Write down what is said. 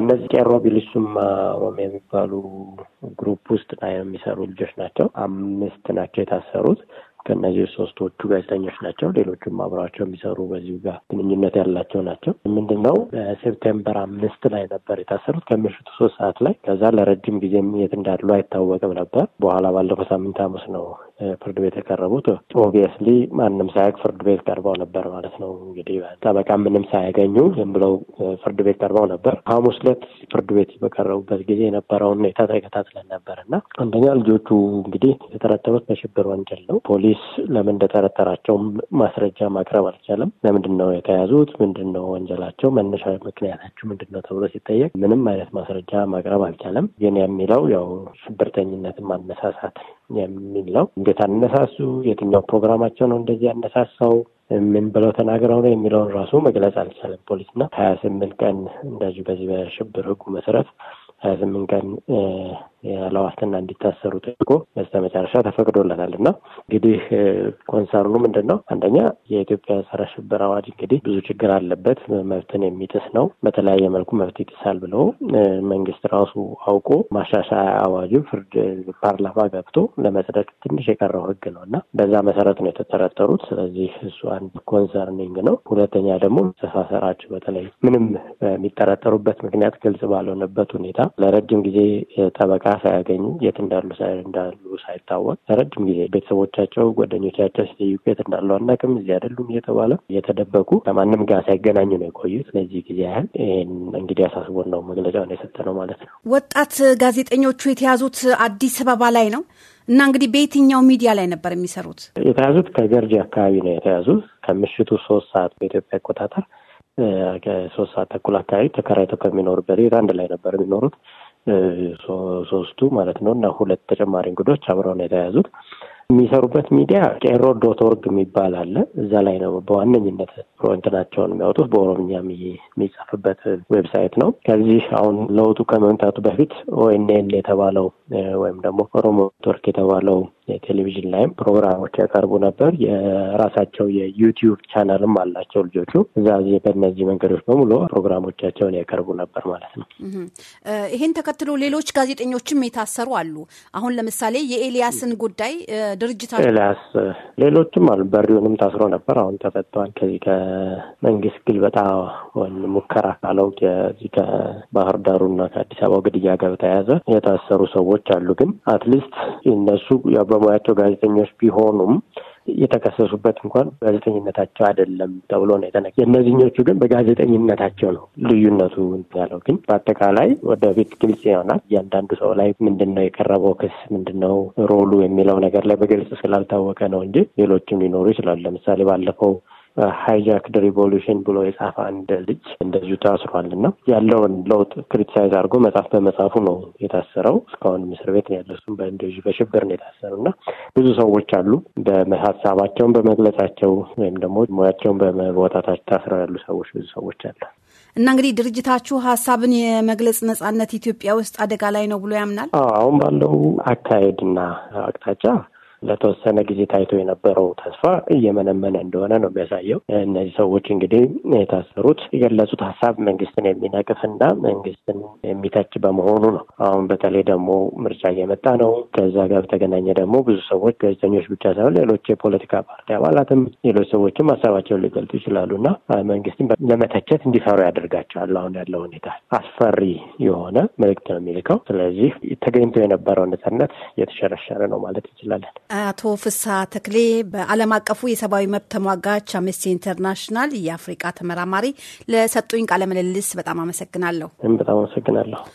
እነዚህ ቄሮ ቢልሱማ ኦሮሚያ የሚባሉ ግሩፕ ውስጥ ላይ የሚሰሩ ልጆች ናቸው። አምስት ናቸው የታሰሩት። ከእነዚህ ሶስቶቹ ጋዜጠኞች ናቸው። ሌሎቹም አብራቸው የሚሰሩ በዚሁ ጋር ግንኙነት ያላቸው ናቸው። ምንድን ነው አምስት ላይ ነበር የታሰሩት ከምሽቱ ሶስት ሰዓት ላይ። ከዛ ለረጅም ጊዜ የት እንዳሉ አይታወቅም ነበር። በኋላ ባለፈው ሳምንት ሐሙስ ነው ፍርድ ቤት የቀረቡት። ኦብቪየስሊ ማንም ሳያውቅ ፍርድ ቤት ቀርበው ነበር ማለት ነው። እንግዲህ ጠበቃ ምንም ሳያገኙ ዝም ብለው ፍርድ ቤት ቀርበው ነበር። ሐሙስ ዕለት ፍርድ ቤት በቀረቡበት ጊዜ የነበረውን ሁኔታ ተከታትለን ነበር እና አንደኛ ልጆቹ እንግዲህ የተጠረጠሩት በሽብር ወንጀል ነው ፖሊስ ፖሊስ ለምን እንደጠረጠራቸው ማስረጃ ማቅረብ አልቻለም። ለምንድን ነው የተያዙት? ምንድን ነው ወንጀላቸው? መነሻ ምክንያታቸው ምንድን ነው ተብሎ ሲጠየቅ ምንም አይነት ማስረጃ ማቅረብ አልቻለም። ግን የሚለው ያው ሽብርተኝነትን ማነሳሳት የሚል ነው። እንዴት አነሳሱ? የትኛው ፕሮግራማቸው ነው እንደዚህ ያነሳሳው? ምን ብለው ተናግረው ነው የሚለውን ራሱ መግለጽ አልቻለም ፖሊስና ሀያ ስምንት ቀን እንደዚሁ በዚህ በሽብር ህጉ መሰረት ሀያ ስምንት ቀን ለዋስትና እንዲታሰሩ ተደርጎ መጨረሻ ተፈቅዶለታል እና እንግዲህ ኮንሰርኑ ምንድን ነው? አንደኛ የኢትዮጵያ ጸረ ሽብር አዋጅ እንግዲህ ብዙ ችግር አለበት፣ መብትን የሚጥስ ነው፣ በተለያየ መልኩ መብት ይጥሳል ብለው መንግስት ራሱ አውቆ ማሻሻያ አዋጁ ፍርድ ፓርላማ ገብቶ ለመጽደቅ ትንሽ የቀረው ህግ ነው እና በዛ መሰረት ነው የተጠረጠሩት። ስለዚህ እሱ አንድ ኮንሰርኒንግ ነው። ሁለተኛ ደግሞ መተሳሰራቸው በተለይ ምንም የሚጠረጠሩበት ምክንያት ግልጽ ባልሆነበት ሁኔታ ለረጅም ጊዜ ጠበቃ ሳያገኙ የት እንዳሉ እንዳሉ ሳይታወቅ ረጅም ጊዜ ቤተሰቦቻቸው፣ ጓደኞቻቸው ሲጠይቁ የት እንዳሉ አናውቅም፣ እዚህ አይደሉም እየተባለ እየተደበቁ ከማንም ጋር ሳይገናኙ ነው የቆዩት። ለዚህ ጊዜ ያህል ይህን እንግዲህ አሳስቦን ነው መግለጫውን የሰጠ ነው ማለት ነው። ወጣት ጋዜጠኞቹ የተያዙት አዲስ አበባ ላይ ነው እና እንግዲህ በየትኛው ሚዲያ ላይ ነበር የሚሰሩት? የተያዙት ከገርጂ አካባቢ ነው የተያዙት ከምሽቱ ሶስት ሰዓት በኢትዮጵያ አቆጣጠር ሶስት ሰዓት ተኩል አካባቢ ተከራይተው ከሚኖሩበት ቤት አንድ ላይ ነበር የሚኖሩት። ሶስቱ ማለት ነው እና ሁለት ተጨማሪ እንግዶች አብረው ነው የተያዙት። የሚሰሩበት ሚዲያ ቄሮ ዶት ኦርግ የሚባል አለ። እዛ ላይ ነው በዋነኝነት ፕሮንትናቸውን የሚያወጡት። በኦሮምኛ የሚጻፍበት ዌብሳይት ነው። ከዚህ አሁን ለውጡ ከመምጣቱ በፊት ኦኤንኤን የተባለው ወይም ደግሞ ኦሮሞ ኔትወርክ የተባለው የቴሌቪዥን ላይም ፕሮግራሞች ያቀርቡ ነበር። የራሳቸው የዩቲዩብ ቻናልም አላቸው ልጆቹ። እዛ በእነዚህ መንገዶች በሙሉ ፕሮግራሞቻቸውን ያቀርቡ ነበር ማለት ነው። ይህን ተከትሎ ሌሎች ጋዜጠኞችም የታሰሩ አሉ። አሁን ለምሳሌ የኤልያስን ጉዳይ ድርጅታ ኤልያስ ሌሎችም አሉ። በሪውንም ታስሮ ነበር፣ አሁን ተፈቷል። ከዚህ ከመንግስት ግልበጣ ሙከራ ካለው ከዚህ ከባህር ዳሩና ከአዲስ አበባ ግድያ ጋር በተያያዘ የታሰሩ ሰዎች አሉ። ግን አትሊስት እነሱ በሙያቸው ጋዜጠኞች ቢሆኑም የተከሰሱበት እንኳን ጋዜጠኝነታቸው አይደለም ተብሎ ነው የተነ የእነዚህኞቹ ግን በጋዜጠኝነታቸው ነው ልዩነቱ ያለው። ግን በአጠቃላይ ወደፊት ግልጽ ይሆናል። እያንዳንዱ ሰው ላይ ነው የቀረበው ክስ ምንድነው ሮሉ የሚለው ነገር ላይ በግልጽ ስላልታወቀ ነው እንጂ ሌሎችም ሊኖሩ ይችላል። ለምሳሌ ባለፈው ሃይጃክ ሪቮሉሽን ብሎ የጻፈ አንድ ልጅ እንደዚሁ ታስሯል እና ያለውን ለውጥ ክሪቲሳይዝ አድርጎ መጽሐፍ በመጽሐፉ ነው የታሰረው። እስካሁን እስር ቤት ነው ያለው። እሱም በእንደዚሁ በሽብር ነው የታሰረው እና ብዙ ሰዎች አሉ በሀሳባቸውን በመግለጻቸው ወይም ደግሞ ሙያቸውን በመወጣታቸው ታስረው ያሉ ሰዎች ብዙ ሰዎች አለ እና እንግዲህ ድርጅታችሁ ሀሳብን የመግለጽ ነጻነት ኢትዮጵያ ውስጥ አደጋ ላይ ነው ብሎ ያምናል። አሁን ባለው አካሄድና አቅጣጫ ለተወሰነ ጊዜ ታይቶ የነበረው ተስፋ እየመነመነ እንደሆነ ነው የሚያሳየው። እነዚህ ሰዎች እንግዲህ የታሰሩት የገለጹት ሀሳብ መንግስትን እና መንግስትን የሚተች በመሆኑ ነው። አሁን በተለይ ደግሞ ምርጫ እየመጣ ነው። ከዛ ጋር በተገናኘ ደግሞ ብዙ ሰዎች ጋዜጠኞች ብቻ ሳይሆን ሌሎች የፖለቲካ ፓርቲ አባላትም ሌሎች ሰዎችም ሀሳባቸውን ሊገልጡ ይችላሉ እና መንግስትን ለመተቸት እንዲፈሩ ያደርጋቸዋል። አሁን ያለው ሁኔታ አስፈሪ የሆነ መልእክት ነው የሚልከው። ስለዚህ ተገኝቶ የነበረው ነጻነት የተሸረሸረ ነው ማለት እንችላለን። አቶ ፍስሐ ተክሌ በዓለም አቀፉ የሰብአዊ መብት ተሟጋች አምነስቲ ኢንተርናሽናል የአፍሪቃ ተመራማሪ ለሰጡኝ ቃለ ምልልስ በጣም አመሰግናለሁ። በጣም አመሰግናለሁ።